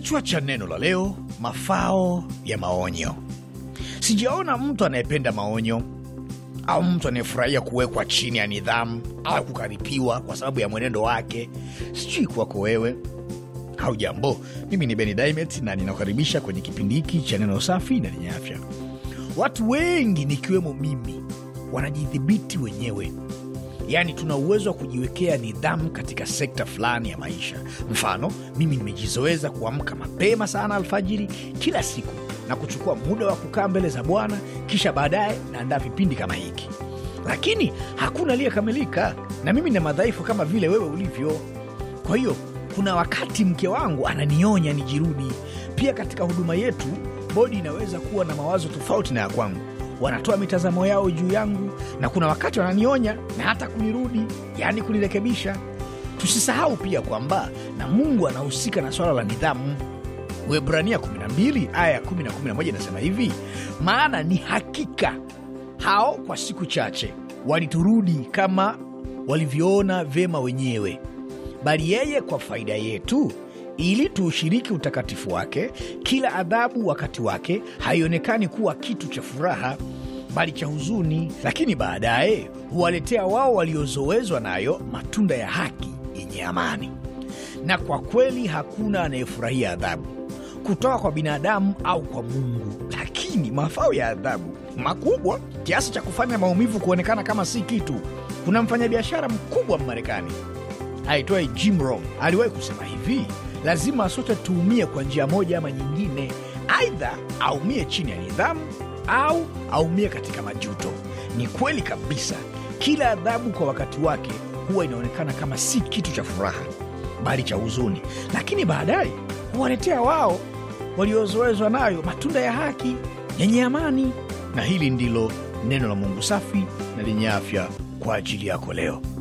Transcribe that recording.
Kichwa cha neno la leo: mafao ya maonyo. Sijaona mtu anayependa maonyo au mtu anayefurahia kuwekwa chini ya nidhamu au kukaripiwa kwa sababu ya mwenendo wake. Sijui kwako wewe. jambo mimi ni Beni Dimet na ninakukaribisha kwenye kipindi hiki cha neno safi na lenye afya. Watu wengi nikiwemo mimi wanajidhibiti wenyewe Yaani tuna uwezo wa kujiwekea nidhamu katika sekta fulani ya maisha. Mfano, mimi nimejizoeza kuamka mapema sana alfajiri kila siku na kuchukua muda wa kukaa mbele za Bwana, kisha baadaye naandaa vipindi kama hiki. Lakini hakuna aliyekamilika, na mimi na madhaifu kama vile wewe ulivyo. Kwa hiyo kuna wakati mke wangu ananionya nijirudi. Pia katika huduma yetu, bodi inaweza kuwa na mawazo tofauti na ya kwangu wanatoa mitazamo yao juu yangu, na kuna wakati wananionya na hata kunirudi, yaani kunirekebisha. Tusisahau pia kwamba na Mungu anahusika na swala la nidhamu. Waebrania 12 aya ya 10 na 11 inasema hivi: maana ni hakika hao kwa siku chache waliturudi kama walivyoona vyema wenyewe, bali yeye kwa faida yetu ili tuushiriki utakatifu wake. Kila adhabu wakati wake haionekani kuwa kitu cha furaha bali cha huzuni, lakini baadaye huwaletea wao waliozoezwa nayo matunda ya haki yenye amani. Na kwa kweli hakuna anayefurahia adhabu kutoka kwa binadamu au kwa Mungu, lakini mafao ya adhabu makubwa kiasi cha kufanya maumivu kuonekana kama si kitu. Kuna mfanyabiashara mkubwa Mmarekani aitwaye Jim Rohn aliwahi kusema hivi: lazima sote tuumie kwa njia moja ama nyingine, aidha aumie chini ya nidhamu au aumie katika majuto. Ni kweli kabisa, kila adhabu kwa wakati wake huwa inaonekana kama si kitu cha furaha, bali cha huzuni, lakini baadaye huwaletea wao waliozoezwa nayo matunda ya haki yenye amani. Na hili ndilo neno la Mungu safi na lenye afya kwa ajili yako leo.